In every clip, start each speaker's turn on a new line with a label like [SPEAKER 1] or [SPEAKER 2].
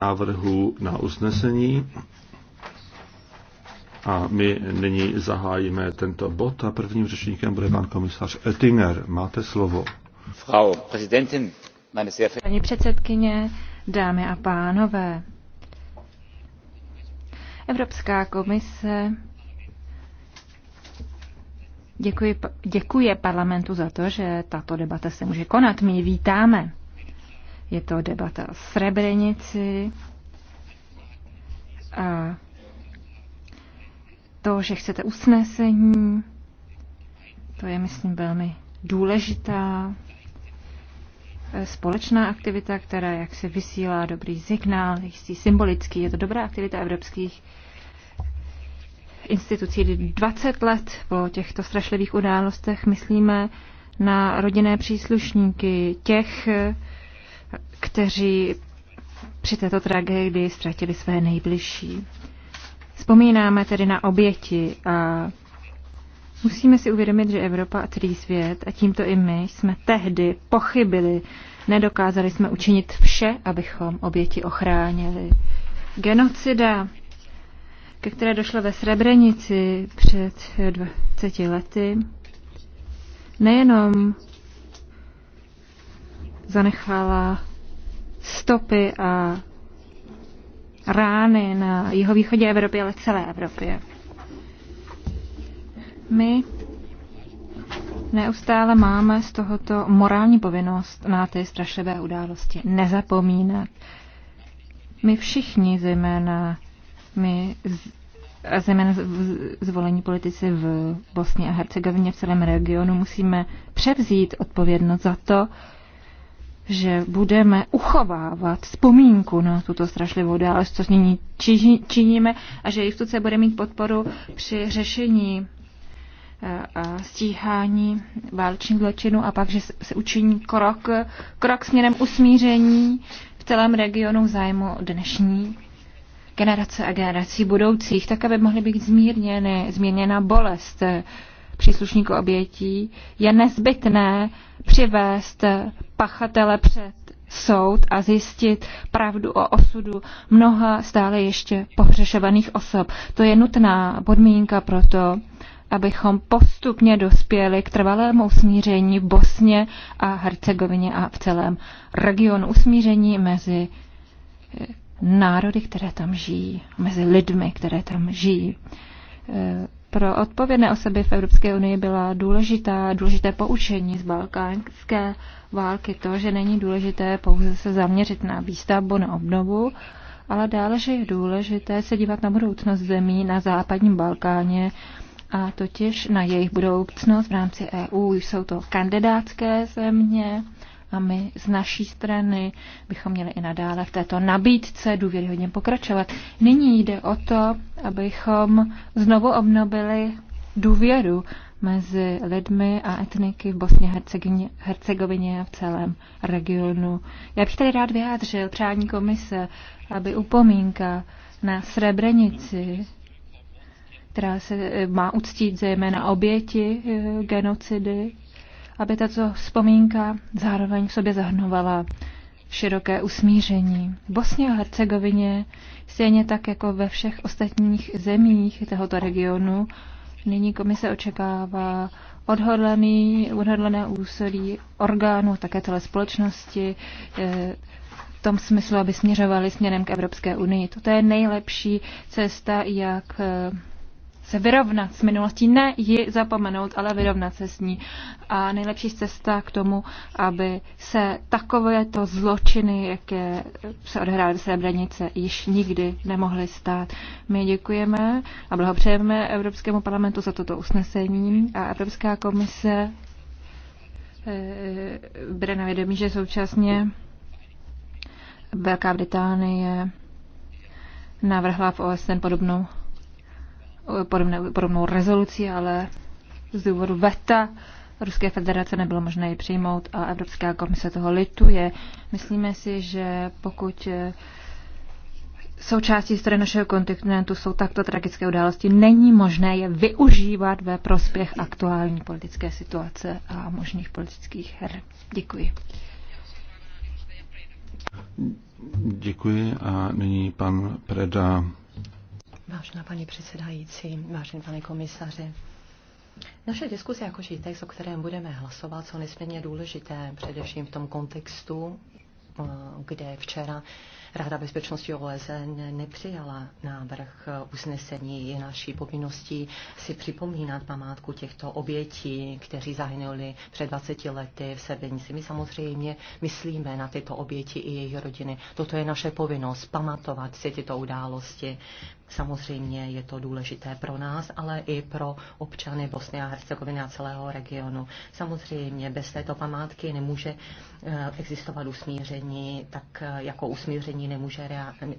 [SPEAKER 1] návrhu na usnesení. A my nyní zahájíme tento bod a prvním řečníkem bude pan komisař Ettinger. Máte slovo. Frau
[SPEAKER 2] Präsidentin,
[SPEAKER 1] meine sehr
[SPEAKER 3] Paní předsedkyně, dámy a pánové. Evropská komise děkuji, děkuje parlamentu za to, že tato debata se může konat. My ji vítáme. Je to debata o Srebrenici a to, že chcete usnesení, to je, myslím, velmi důležitá eh, společná aktivita, která jak se vysílá dobrý signál, jistý symbolický. Je to dobrá aktivita evropských institucí. 20 let po těchto strašlivých událostech myslíme na rodinné příslušníky těch, eh, kteří při této tragédii ztratili své nejbližší. Vzpomínáme tedy na oběti a musíme si uvědomit, že Evropa a celý svět a tímto i my jsme tehdy pochybili, nedokázali jsme učinit vše, abychom oběti ochránili. Genocida, ke které došlo ve Srebrenici před 20 lety, nejenom zanechala stopy a rány na jeho východě Evropy, ale celé Evropě. My neustále máme z tohoto morální povinnost na ty strašlivé události nezapomínat. My všichni, zejména my a zejména zvolení politici v Bosně a Hercegovině, v celém regionu, musíme převzít odpovědnost za to, že budeme uchovávat vzpomínku na tuto strašlivou událost, co s ní činíme a že justice bude mít podporu při řešení eh, a stíhání válečných zločinů a pak, že se učiní krok, krok směrem usmíření v celém regionu v zájmu dnešní generace a generací budoucích, tak aby mohly být zmírněny, zmírněna bolest, příslušníků obětí, je nezbytné přivést pachatele před soud a zjistit pravdu o osudu mnoha stále ještě pohřešovaných osob. To je nutná podmínka pro to, abychom postupně dospěli k trvalému usmíření v Bosně a Hercegovině a v celém regionu. Usmíření mezi eh, národy, které tam žijí, mezi lidmi, které tam žijí. Eh, pro odpovědné osoby v Evropské unii byla důležitá, důležité poučení z balkánské války to, že není důležité pouze se zaměřit na výstavbu, na obnovu, ale dále, že je důležité se dívat na budoucnost zemí na západním Balkáně, a totiž na jejich budoucnost v rámci EU. Jsou to kandidátské země, a my z naší strany bychom měli i nadále v této nabídce důvěryhodně pokračovat. Nyní jde o to, abychom znovu obnovili důvěru mezi lidmi a etniky v Bosně Hercegovině a v celém regionu. Já bych tady rád vyjádřil přání komise, aby upomínka na Srebrenici, která se má uctít zejména oběti eh, genocidy, aby tato vzpomínka zároveň v sobě zahrnovala široké usmíření. V Bosně a Hercegovině, stejně tak jako ve všech ostatních zemích tohoto regionu, nyní komise očekává odhodlený, odhodlené úsilí orgánů, také celé společnosti, eh, v tom smyslu, aby směřovali směrem k Evropské unii. To je nejlepší cesta, jak eh, se vyrovnat s minulostí, ne ji zapomenout, ale vyrovnat se s ní. A nejlepší cesta k tomu, aby se takovéto zločiny, jaké se odehrály v Srebrenice, již nikdy nemohly stát. My děkujeme a blahopřejeme Evropskému parlamentu za toto usnesení a Evropská komise eh, eh, bude na vědomí, že současně Velká Británie navrhla v OSN podobnou podobnou, podobnou rezoluci, ale z důvodu veta Ruské federace nebylo možné ji přijmout a Evropská komise toho lituje. Myslíme si, že pokud eh, součástí historie našeho kontinentu jsou takto tragické události, není možné je využívat ve prospěch aktuální politické situace a možných politických her. Děkuji.
[SPEAKER 1] Děkuji a nyní pan Preda
[SPEAKER 4] Vážená paní předsedající, vážený pane komisaři, naše diskuse jako text, o kterém budeme hlasovat, jsou nesmírně důležité, především v tom kontextu, eh, kde včera Rada bezpečnosti OSN nepřijala návrh usnesení. Je naší povinností si připomínat památku těchto obětí, kteří zahynuli před 20 lety v Srebrenici. My samozřejmě myslíme na tyto oběti i jejich rodiny. Toto je naše povinnost, pamatovat si tyto události. Samozřejmě je to důležité pro nás, ale i pro občany Bosny a Hercegoviny a celého regionu. Samozřejmě bez této památky nemůže eh, existovat usmíření, tak eh, jako usmíření utrpení nemůže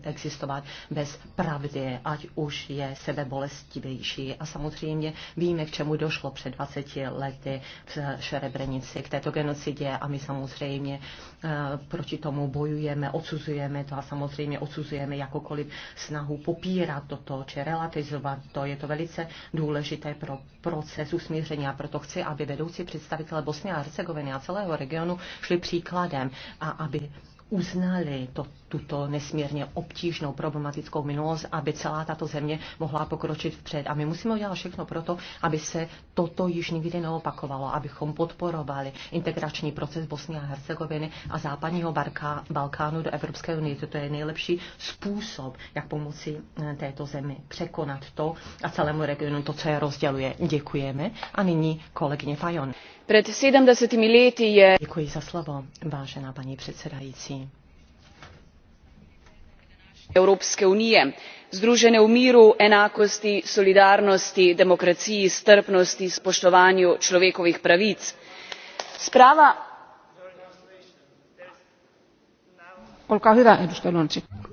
[SPEAKER 4] existovat bez pravdy, ať už je bolestivější. A samozřejmě víme, k čemu došlo před 20 lety v Šerebrenici, k této genocidě a my samozřejmě eh, proti tomu bojujeme, odsuzujeme to a samozřejmě odsuzujeme jakokoliv snahu popírat toto či relativizovat to. Je to velice důležité pro proces usmíření a proto chci, aby vedoucí představitelé Bosny a Hercegoviny a celého regionu šli příkladem a aby uznali to, tuto nesmírně obtížnou problematickou minulost, aby celá tato země mohla pokročit vpřed. A my musíme udělat všechno proto, aby se toto již nikdy neopakovalo, abychom podporovali integrační proces Bosny a Hercegoviny a západního Barka, Balkánu do Evropské unie. Toto je nejlepší způsob, jak pomoci eh, této zemi překonat to a celému regionu to, co je rozděluje. Děkujeme. A nyní kolegyně Fajon. Před 70 lety je... Děkuji za slovo, vážená paní předsedající
[SPEAKER 3] evropske unije združene v miru enakosti solidarnosti demokraciji strpnosti spoštovanju človekovih pravic.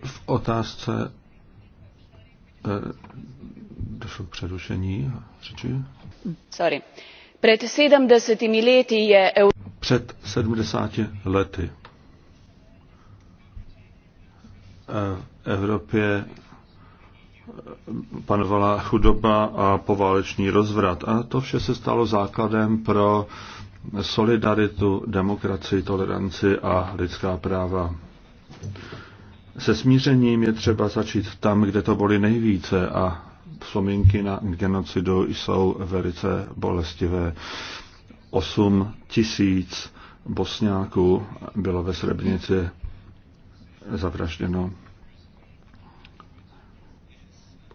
[SPEAKER 1] v otázce eh, došlo Před
[SPEAKER 3] lety je
[SPEAKER 1] Před lety eh, Evropě panovala chudoba a poválečný rozvrat. A to vše se stalo základem pro solidaritu, demokracii, toleranci a lidská práva. Se smířením je třeba začít tam, kde to boli nejvíce a vzpomínky na genocidu jsou velice bolestivé. 8 tisíc bosňáků bylo ve Srebrnici zavražděno.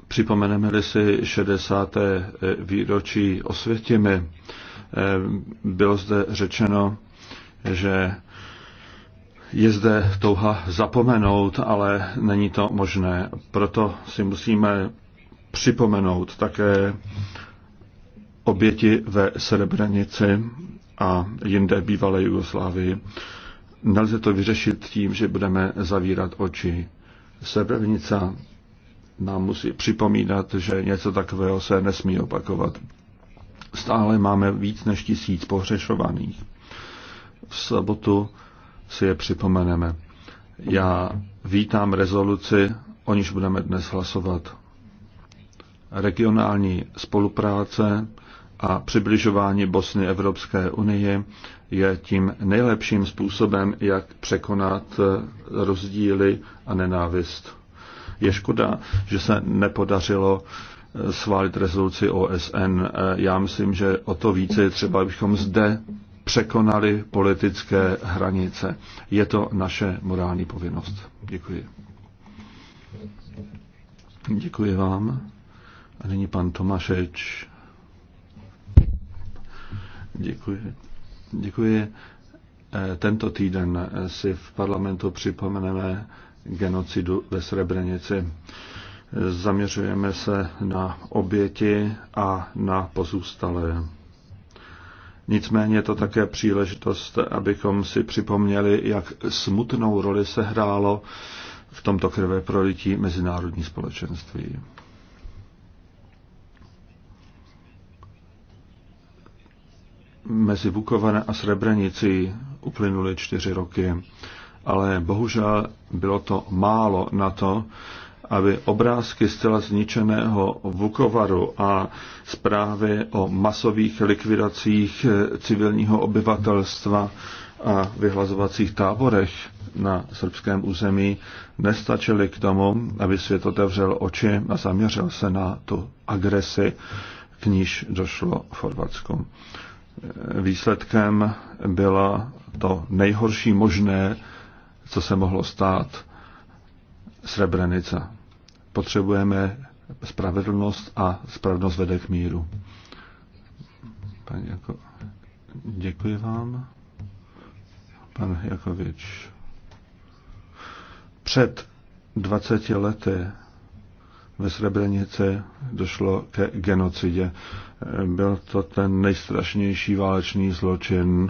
[SPEAKER 1] Připomeneme-li si 60. Eh, výročí osvětimi, eh, bylo zde řečeno, že je zde touha zapomenout, ale není to možné. Proto si musíme připomenout také oběti ve Srebrenici a jinde bývalé Jugoslávii. Nelze to vyřešit tím, že budeme zavírat oči. Srebrenica nám musí připomínat, že něco takového se nesmí opakovat. Stále máme víc než tisíc pohřešovaných. V sobotu si je připomeneme. Já vítám rezoluci, o níž budeme dnes hlasovat. Regionální spolupráce a přibližování Bosny Evropské unii je tím nejlepším způsobem, jak překonat rozdíly a nenávist. Je škoda, že se nepodařilo eh, schválit rezoluci OSN. Eh, já myslím, že o to více je třeba, abychom zde překonali politické hranice. Je to naše morální povinnost. Děkuji. Děkuji vám. A nyní pan Tomášeč. Děkuji. Děkuji. Eh, tento týden si v parlamentu připomeneme genocidu ve Srebrenici. Zaměřujeme se na oběti a na pozůstalé. Nicméně je to také příležitost, abychom si připomněli, jak smutnou roli se hrálo v tomto krvé prolití mezinárodní společenství. Mezi Vukovane a Srebrenicí uplynuly čtyři roky ale bohužel bylo to málo na to, aby obrázky zcela zničeného Vukovaru a zprávy o masových likvidacích civilního obyvatelstva a vyhlazovacích táborech na srbském území nestačily k tomu, aby svět otevřel oči a zaměřil se na tu agresi, k níž došlo v Chorvatsku. Výsledkem bylo to nejhorší možné co se mohlo stát Srebrenica. Potřebujeme spravedlnost a spravedlnost vede k míru. Pan jako... Děkuji vám. Pan Jakovič. Před 20 lety ve Srebrenice došlo ke genocidě. Byl to ten nejstrašnější válečný zločin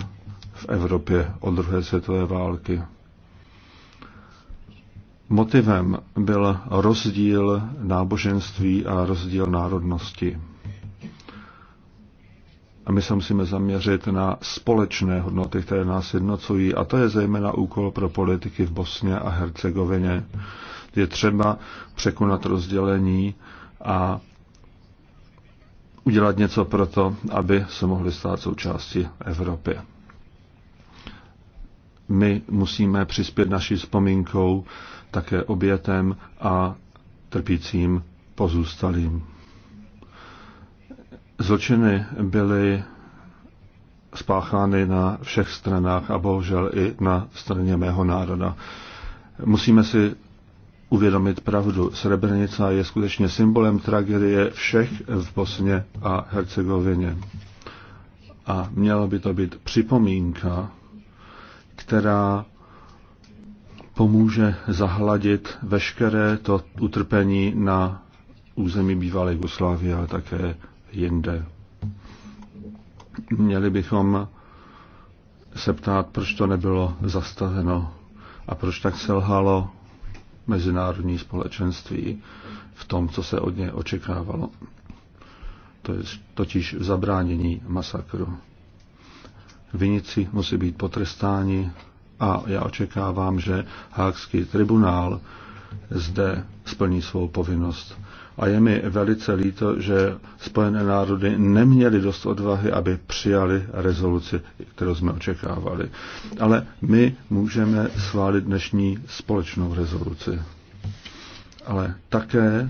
[SPEAKER 1] v Evropě od druhé světové války. Motivem byl rozdíl náboženství a rozdíl národnosti. A my se musíme zaměřit na společné hodnoty, které nás jednocují. A to je zejména úkol pro politiky v Bosně a Hercegovině. Je třeba překonat rozdělení a udělat něco pro to, aby se mohli stát součástí Evropy my musíme přispět naší vzpomínkou také obětem a trpícím pozůstalým. Zločiny byly spáchány na všech stranách a bohužel i na straně mého národa. Musíme si uvědomit pravdu. Srebrenica je skutečně symbolem tragédie všech v Bosně a Hercegovině. A měla by to být připomínka která pomůže zahladit veškeré to utrpení na území bývalé Jugoslávie, ale také jinde. Měli bychom se ptát, proč to nebylo zastaveno a proč tak selhalo mezinárodní společenství v tom, co se od něj očekávalo. To je totiž zabránění masakru. Vinici musí být potrestáni a já očekávám, že Hákský tribunál zde splní svou povinnost. A je mi velice líto, že Spojené národy neměly dost odvahy, aby přijali rezoluci, kterou jsme očekávali. Ale my můžeme schválit dnešní společnou rezoluci. Ale také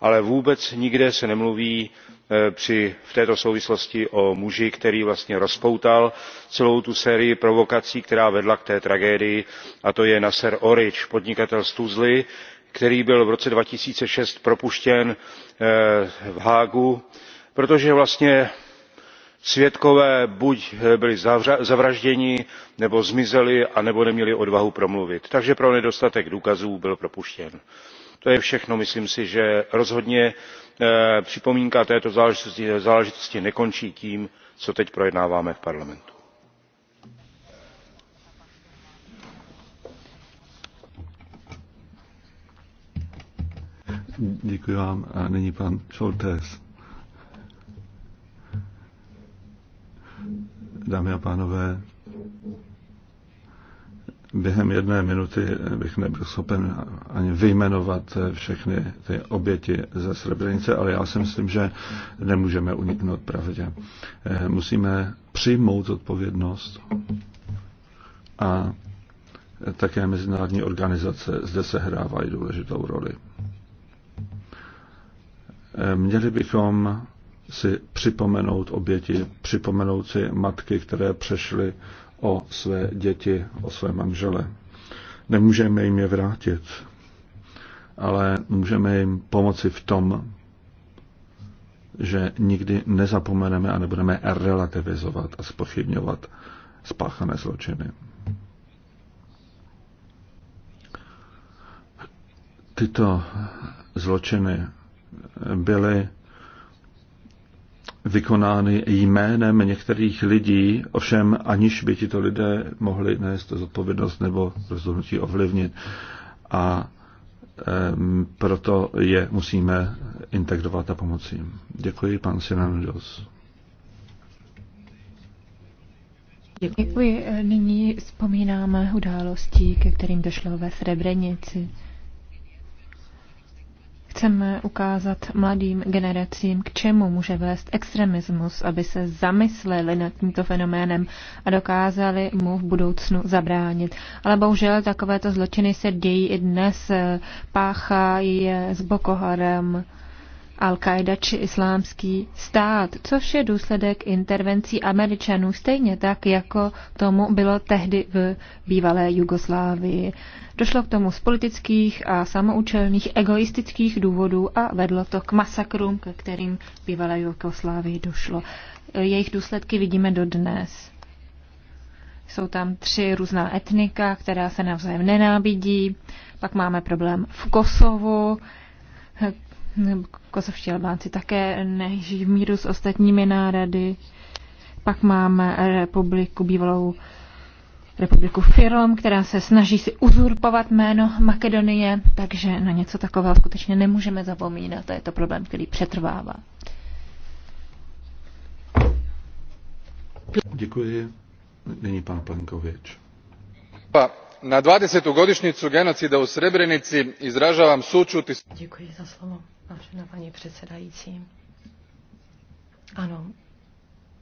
[SPEAKER 2] ale vůbec nikde se nemluví eh, v této souvislosti o muži který vlastně rozpoutal celou tu sérii provokací která vedla k té tragédii a to je nasser orič podnikatel z tuzly který byl v roce two thousand and six propuštěn eh, v haagu protože vlastně svědkové buď eh, byli zavražděni nebo zmizeli anebo neměli odvahu promluvit takže pro nedostatek důkazů byl propuštěn to je všechno. myslím si že rozhodně eh, připomínka této záležitosti nekončí tím co teď projednáváme v parlamentu.
[SPEAKER 1] Děkuji vám. pan Dámy a během jedné minuty bych nebyl schopen ani vyjmenovat všechny ty oběti ze Srebrenice, ale já si myslím, že nemůžeme uniknout pravdě. Eh, musíme přijmout odpovědnost a také mezinárodní organizace zde sehrávají důležitou roli. Eh, měli bychom si připomenout oběti, připomenout si matky, které přešly o své děti, o své manžele. Nemůžeme jim je vrátit, ale můžeme jim pomoci v tom, že nikdy nezapomeneme a nebudeme relativizovat a spochybňovat spáchané zločiny. Tyto zločiny byly vykonány jménem některých lidí, ovšem aniž by tito lidé mohli nést zodpovědnost nebo rozhodnutí ovlivnit. A proto je musíme integrovat a pomoci jim. Děkuji, pan Jos.
[SPEAKER 3] Děkuji. Nyní vzpomínáme události, ke kterým došlo ve Srebrenici. Chceme ukázat mladým generacím, k čemu může vést extremismus, aby se zamysleli nad tímto fenoménem a dokázali mu v budoucnu zabránit. Ale bohužel takovéto zločiny se dějí i dnes. páchají je s Boko Haram, Al-Qaida či islámský stát, což je důsledek intervencí Američanů, stejně tak, jako tomu bylo tehdy v bývalé Jugoslávii. Došlo k tomu z politických a samoučelných egoistických důvodů a vedlo to k masakrům, ke kterým bývalé Jugoslávii došlo. Jejich důsledky vidíme dodnes. Jsou tam tři různá etnika, která se navzájem nenávidí. Pak máme problém v Kosovu, kosovští Albánci také nežijí v míru s ostatními národy. Pak máme republiku bývalou republiku Firom, která se snaží si uzurpovat jméno Makedonie, takže na něco takového skutečně nemůžeme zapomínat. To je to problém, který přetrvává.
[SPEAKER 1] Děkuji. Nyní pan Plenkovič.
[SPEAKER 3] Na 20. godišnicu genocida u Srebrenici izražavam sučut i...
[SPEAKER 4] Děkuji za slovo vážená paní předsedající. Ano,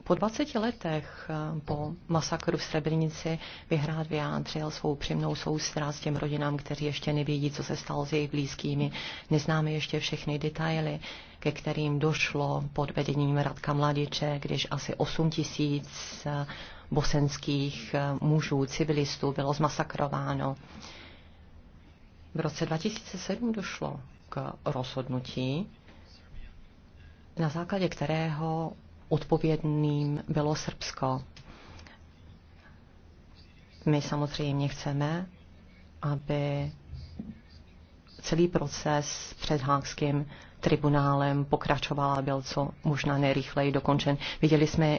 [SPEAKER 4] po 20 letech eh, po masakru v Srebrenici bych rád vyjádřil svou přímnou soustrast těm rodinám, kteří ještě nevědí, co se stalo s jejich blízkými. Neznáme ještě všechny detaily, ke kterým došlo pod vedením Radka Mladiče, když asi 8 tisíc eh, bosenských eh, mužů, civilistů bylo zmasakrováno. V roce 2007 došlo k rozhodnutí, na základě kterého odpovědným bylo Srbsko. My samozřejmě chceme, aby celý proces před Hákským tribunálem pokračoval a byl co možná nejrychleji dokončen. Viděli jsme,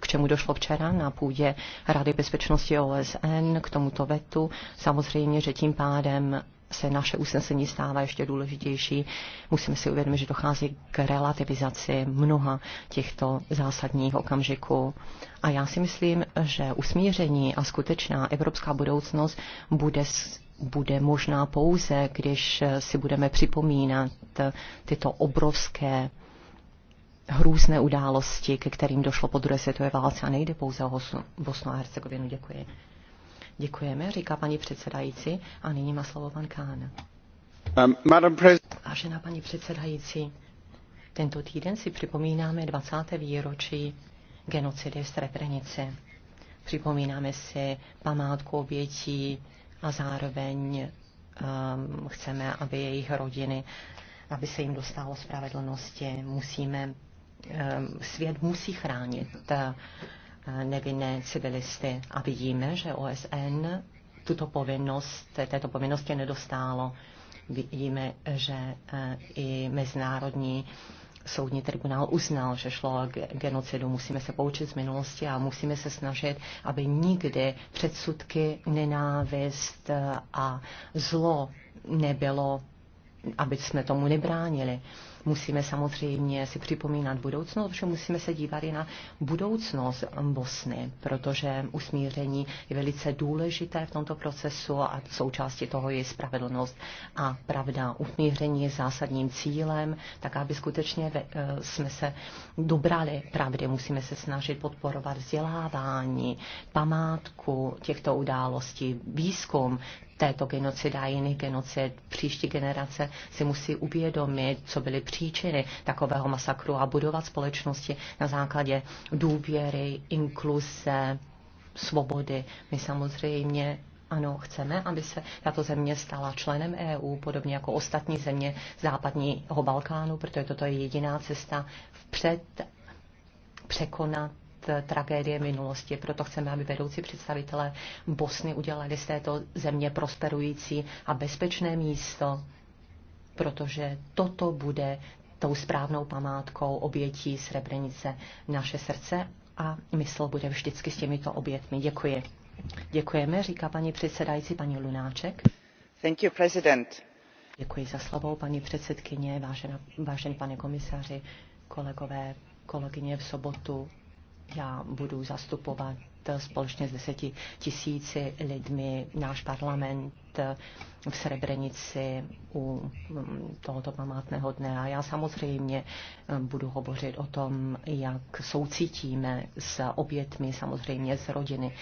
[SPEAKER 4] k čemu došlo včera na půdě Rady bezpečnosti OSN, k tomuto vetu. Samozřejmě, že tím pádem se naše usnesení stává ještě důležitější. Musíme si uvědomit, že dochází k relativizaci mnoha těchto zásadních okamžiků. A já si myslím, že usmíření a skutečná evropská budoucnost bude bude možná pouze, když si budeme připomínat tyto obrovské hrůzné události, ke kterým došlo po druhé světové válce a nejde pouze o Bosnu a Hercegovinu. Děkuji. Děkujeme, říká paní předsedající a nyní má slovo pan Kán. Um, Vážená paní předsedající, tento týden si připomínáme 20. výročí genocidy v Srebrenici. Připomínáme si památku obětí a zároveň um, chceme, aby jejich rodiny, aby se jim dostalo spravedlnosti. Musíme, um, svět musí chránit uh, Eh, nevinné civilisty. A vidíme, že OSN tuto povinnost, této povinnosti nedostálo. Vidíme, že eh, i mezinárodní soudní tribunál uznal, že šlo o genocidu. Musíme se poučit z minulosti a musíme se snažit, aby nikdy předsudky, nenávist eh, a zlo nebylo, aby jsme tomu nebránili. Musíme samozřejmě si připomínat budoucnost, protože musíme se dívat i na budoucnost Bosny, protože usmíření je velice důležité v tomto procesu a součástí toho je spravedlnost a pravda. Usmíření je zásadním cílem, tak aby skutečně eh, jsme se dobrali pravdy. Musíme se snažit podporovat vzdělávání, památku těchto událostí, výzkum, této genocidy a jiných genocid. Příští generace si musí uvědomit, co byly příčiny takového masakru a budovat společnosti na základě důvěry, inkluze, svobody. My samozřejmě ano, chceme, aby se tato země stala členem EU, podobně jako ostatní země západního Balkánu, protože toto je jediná cesta vpřed překonat Eh, tragédie minulosti. Proto chceme, aby vedoucí představitelé Bosny udělali z této země prosperující a bezpečné místo, protože toto bude tou správnou památkou obětí Srebrenice. Naše srdce a mysl bude vždycky s těmito obětmi. Děkuji. Děkujeme, říká paní předsedající, paní Lunáček. Thank you,
[SPEAKER 2] president.
[SPEAKER 4] Děkuji za slovo, paní předsedkyně, vážený pane komisaři, kolegové, kolegyně v sobotu já budu zastupovat společně s deseti tisíci lidmi náš parlament Eh, v Srebrenici u mm, tohoto památného dne. A já samozřejmě eh, budu hovořit o tom, jak soucítíme s obětmi, samozřejmě s rodiny,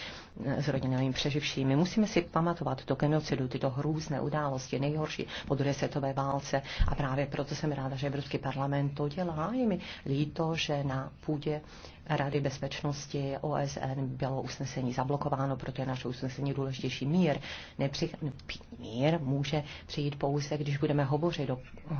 [SPEAKER 4] eh, s rodinami přeživšími. Musíme si pamatovat to genocidu, tyto hrůzné události, nejhorší po druhé světové válce. A právě proto jsem ráda, že Evropský parlament to dělá. Je mi líto, že na půdě Rady bezpečnosti OSN bylo usnesení zablokováno, proto je naše usnesení důležitější mír, Nepřich- mír může přijít pouze, když budeme hovořit o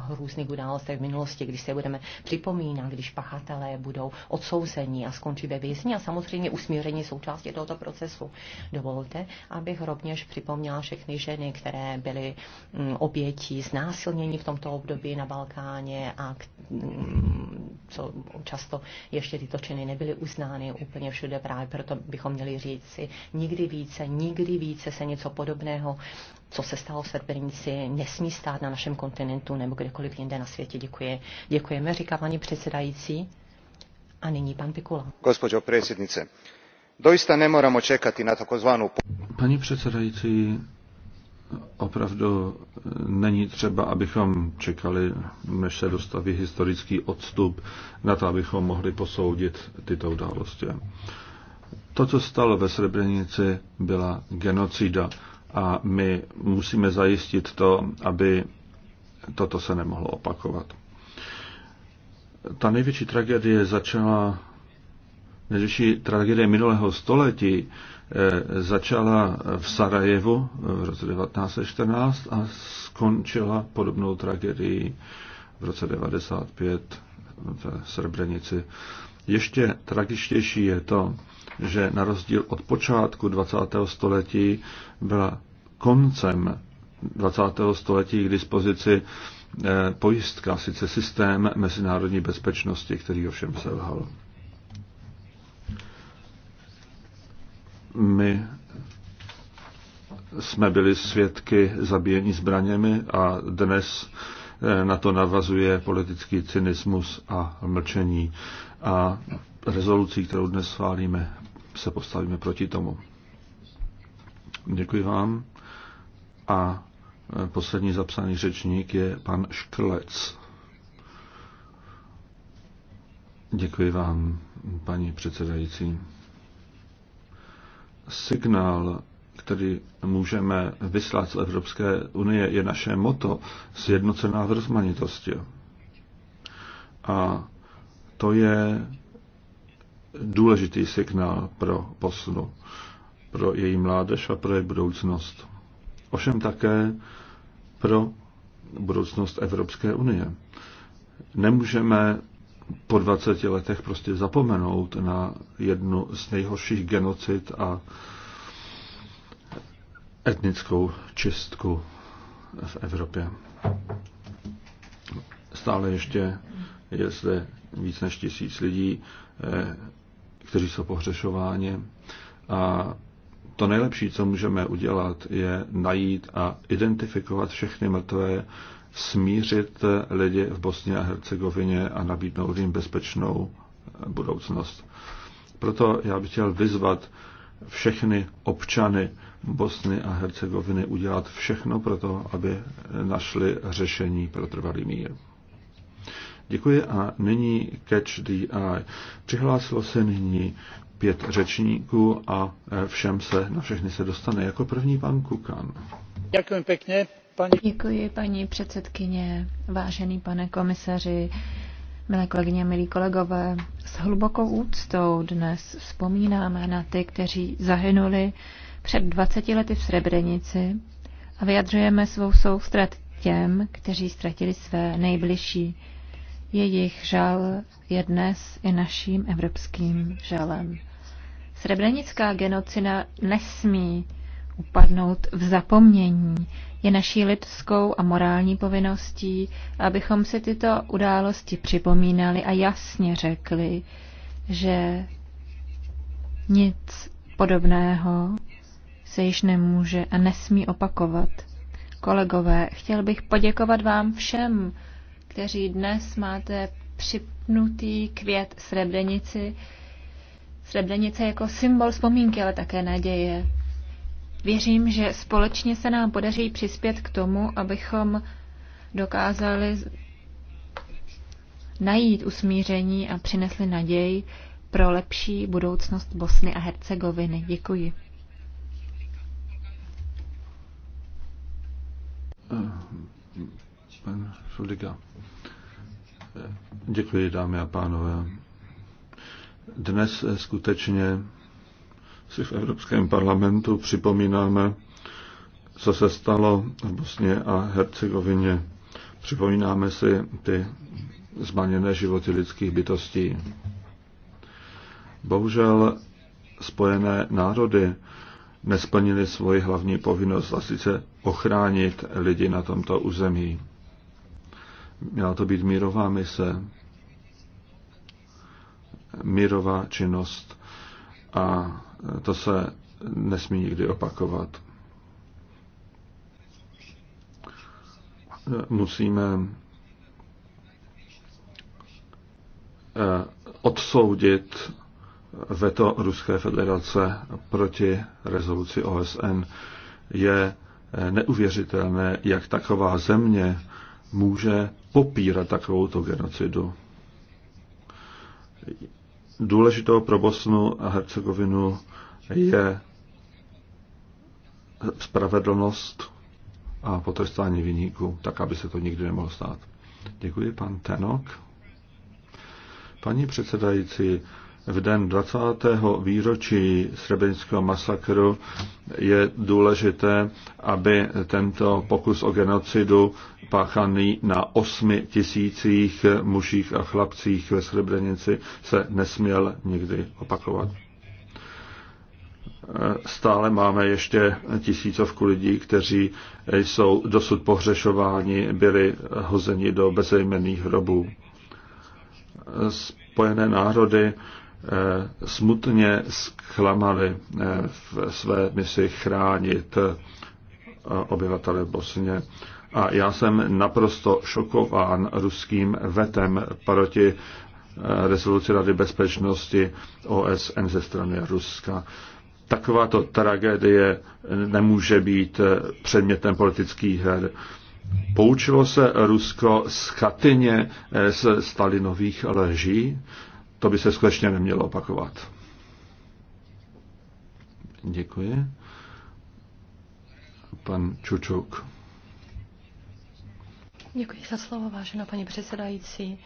[SPEAKER 4] různých událostech v minulosti, když se budeme připomínat, když pachatelé budou odsouzeni a skončí ve vězni a samozřejmě usmíření součástí tohoto procesu. Dovolte, abych rovněž připomněla všechny ženy, které byly mm, obětí znásilnění v tomto období na Balkáně a mm, co často ještě tyto činy nebyly uznány úplně všude právě proto bychom měli říct si nikdy více, nikdy více se něco podobného co se stalo v Srebrenici, nesmí stát na našem kontinentu nebo kdekoliv jinde na světě. Děkuji. Děkujeme, říká paní předsedající. A nyní pan Pikula.
[SPEAKER 2] Gospodžo predsjednice, doista nemoram moramo na takozvanou...
[SPEAKER 1] Paní předsedající, opravdu eh, není třeba, abychom čekali, než se dostaví historický odstup na to, abychom mohli posoudit tyto události. To, co stalo ve Srebrenici, byla genocida a my musíme zajistit to, aby toto se nemohlo opakovat. Ta největší tragédie začala, největší tragédie minulého století eh, začala v Sarajevu v roce 1914 a skončila podobnou tragédií v roce 1995 v Srebrenici. Ještě tragičtější je to, že na rozdíl od počátku 20. století byla koncem 20. století k dispozici eh, pojistka, sice systém mezinárodní bezpečnosti, který ovšem selhal. My jsme byli svědky zabíjení zbraněmi a dnes eh, na to navazuje politický cynismus a mlčení. A rezolucí, kterou dnes schválíme, se postavíme proti tomu. Děkuji vám. A e, poslední zapsaný řečník je pan Škrlec. Děkuji vám, paní předsedající. Signál, který můžeme vyslat z Evropské unie, je naše moto sjednocená v rozmanitosti. A to je důležitý signál pro posunu, pro její mládež a pro její budoucnost. Ovšem také pro budoucnost Evropské unie. Nemůžeme po 20 letech prostě zapomenout na jednu z nejhorších genocid a etnickou čistku v Evropě. Stále ještě je zde víc než tisíc lidí, eh, kteří jsou pohřešováni. A to nejlepší, co můžeme udělat, je najít a identifikovat všechny mrtvé, smířit lidi v Bosně a Hercegovině a nabídnout jim bezpečnou budoucnost. Proto já bych chtěl vyzvat všechny občany Bosny a Hercegoviny udělat všechno pro to, aby našli řešení pro trvalý mír. Děkuji a nyní Catch the Eye. Přihlásilo se nyní pět řečníků a e, všem se, na všechny se dostane. Jako první pan Kukan.
[SPEAKER 3] Děkuji pěkně. Paní... Děkuji paní předsedkyně, vážený pane komisaři, milé kolegyně, milí kolegové. S hlubokou úctou dnes vzpomínáme na ty, kteří zahynuli před 20 lety v Srebrenici a vyjadřujeme svou soustrat těm, kteří ztratili své nejbližší. Jejich žal je dnes i naším evropským žalem. Srebrenická genocida nesmí upadnout v zapomnění. Je naší lidskou a morální povinností, abychom si tyto události připomínali a jasně řekli, že nic podobného se již nemůže a nesmí opakovat. Kolegové, chtěl bych poděkovat vám všem kteří dnes máte připnutý květ Srebrenici. Srebrenice jako symbol vzpomínky, ale také naděje. Věřím, že společně se nám podaří přispět k tomu, abychom dokázali najít usmíření a přinesli naději pro lepší budoucnost Bosny a Hercegoviny. Děkuji.
[SPEAKER 1] Eh, pan Šuliga. Děkuji, dámy a pánové. Dnes skutečně si v Evropském parlamentu připomínáme, co se stalo v Bosně a Hercegovině. Připomínáme si ty zmaněné životy lidských bytostí. Bohužel spojené národy nesplnili svoji hlavní povinnost a sice ochránit lidi na tomto území. Měla to být mírová mise, mírová činnost a to se nesmí nikdy opakovat. Musíme eh, odsoudit veto Ruské federace proti rezoluci OSN. Je eh, neuvěřitelné, jak taková země může popírat takovouto genocidu. Důležitou pro Bosnu a Hercegovinu je spravedlnost a potrestání vyníků, tak aby se to nikdy nemohlo stát. Děkuji, pan Tenok. Paní předsedající, v den 20. výročí srebrenického masakru je důležité, aby tento pokus o genocidu páchaný na osmi tisících mužích a chlapcích ve Srebrenici se nesměl nikdy opakovat. Stále máme ještě tisícovku lidí, kteří jsou dosud pohřešováni, byli hozeni do bezejmenných hrobů. Spojené národy Eh, smutně zklamali eh, v své misi chránit eh, obyvatele Bosně. A já jsem naprosto šokován ruským vetem proti rezoluci Rady bezpečnosti OSN ze strany Ruska. Takováto tragédie nemůže být předmětem politických her. Poučilo se Rusko z chatyně z Stalinových lží? to by se skutečně nemělo opakovat. Děkuji. Pan Čučuk.
[SPEAKER 4] Děkuji za slovo, vážená paní předsedající,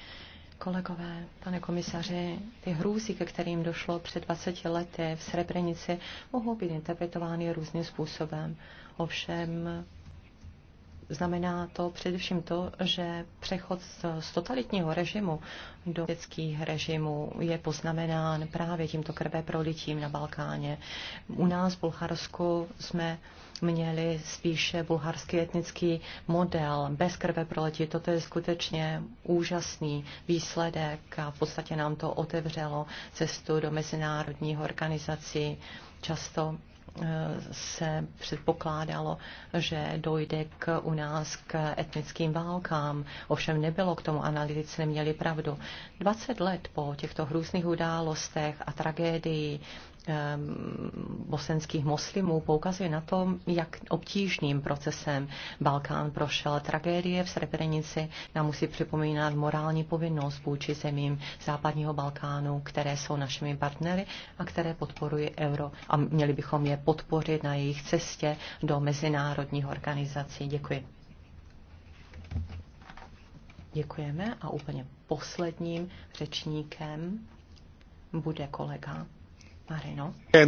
[SPEAKER 4] kolegové, pane komisaři. Ty hrůzy, ke kterým došlo před 20 lety v Srebrenici, mohou být interpretovány různým způsobem. Ovšem Znamená to především to, že přechod z totalitního režimu do dětských režimů je poznamenán právě tímto krvé prolitím na Balkáně. U nás v Bulharsku jsme měli spíše bulharský etnický model bez krve prolití. Toto je skutečně úžasný výsledek a v podstatě nám to otevřelo cestu do mezinárodních organizací. Často se předpokládalo, že dojde k, u nás k etnickým válkám. Ovšem nebylo k tomu, analytici neměli pravdu. 20 let po těchto hrůzných událostech a tragédii Ehm, bosenských muslimů poukazuje na to, jak obtížným procesem Balkán prošel. Tragédie v Srebrenici nám musí připomínat morální povinnost vůči zemím západního Balkánu, které jsou našimi partnery a které podporují euro. A měli bychom je podpořit na jejich cestě do mezinárodních organizací. Děkuji. Děkujeme a úplně posledním řečníkem bude kolega
[SPEAKER 2] Eh,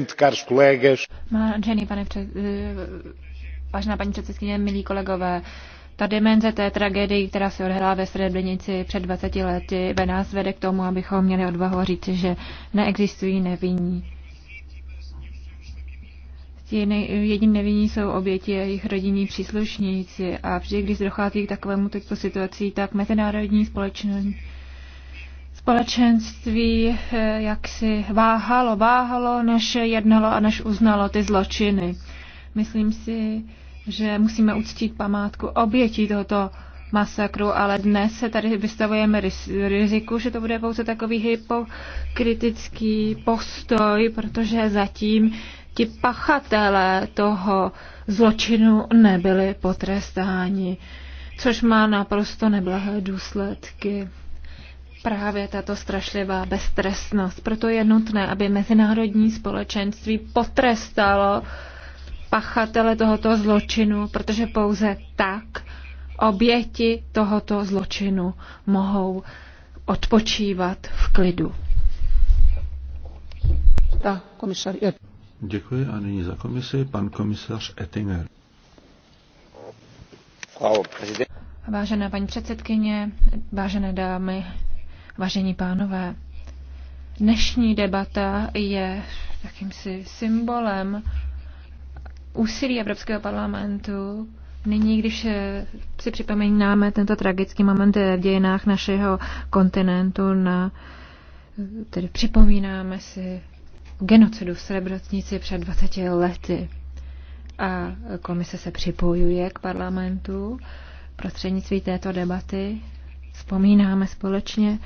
[SPEAKER 3] vážená paní předsedkyně, milí kolegové, ta dimenze té tragédie, která se odehrála ve Srebrenici před 20 lety, ve nás vede k tomu, abychom měli odvahu říct, že neexistují nevinní. Jediní nevinní jsou oběti a jejich rodinní příslušníci a vždy, když dochází k takovému typu situací, tak mezinárodní společnost společenství eh, jaksi váhalo, váhalo, než jednalo a než uznalo ty zločiny. Myslím si, že musíme uctít památku obětí tohoto masakru, ale dnes se tady vystavujeme riziku, že to bude pouze takový hypokritický postoj, protože zatím ti pachatelé toho zločinu nebyli potrestáni, což má naprosto neblahé důsledky právě tato strašlivá beztrestnost. Proto je nutné, aby mezinárodní společenství potrestalo pachatele tohoto zločinu, protože pouze tak oběti tohoto zločinu mohou odpočívat v klidu. Ta, komisar,
[SPEAKER 1] Děkuji a nyní za komisi pan komisař Ettinger.
[SPEAKER 3] Vážená paní předsedkyně, vážené dámy, Vážení pánové, dnešní debata je jakýmsi symbolem úsilí Evropského parlamentu Nyní, když si připomínáme tento tragický moment v dějinách našeho kontinentu, na, tedy připomínáme si genocidu v Srebrotnici před 20 lety. A komise se připojuje k parlamentu prostřednictví této debaty. Vzpomínáme společně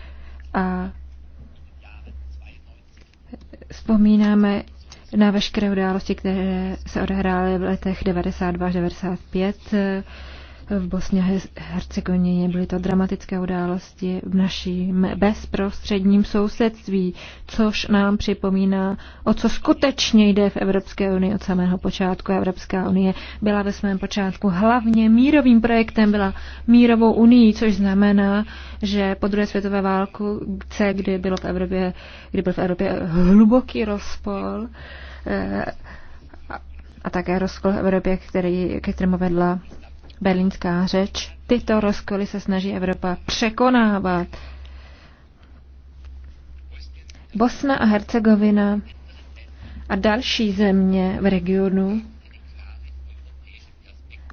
[SPEAKER 3] a vzpomínáme na veškeré události, které se odehrály v letech 92 až 95 v Bosně a Hercegovině. Byly to dramatické události v naší bezprostředním sousedství, což nám připomíná, o co skutečně jde v Evropské unii od samého počátku. Evropská unie byla ve svém počátku hlavně mírovým projektem, byla mírovou unii, což znamená, že po druhé světové válku, kdy, bylo v Evropě, kdy byl v Evropě hluboký rozpol, eh, a také rozkol v Evropě, který, ke kterému vedla berlínská řeč. Tyto rozkoly se snaží Evropa překonávat. Bosna a Hercegovina a další země v regionu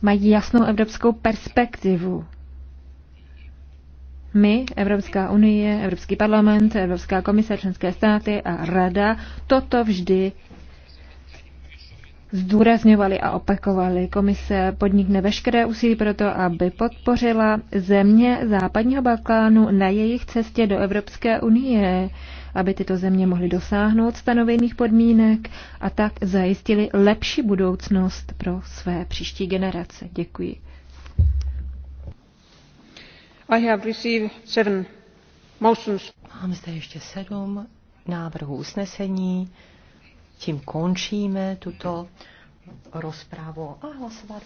[SPEAKER 3] mají jasnou evropskou perspektivu. My, Evropská unie, Evropský parlament, Evropská komise, členské státy a Rada toto vždy zdůrazňovali a opakovali. Komise podnikne veškeré úsilí pro to, aby podpořila země západního Balkánu na jejich cestě do Evropské unie, aby tyto země mohly dosáhnout stanovených podmínek a tak zajistili lepší budoucnost pro své příští generace. Děkuji. I
[SPEAKER 4] have received seven motions. Mám zde ještě sedm návrhů usnesení. Tím končíme tuto rozprávu a hlasovat.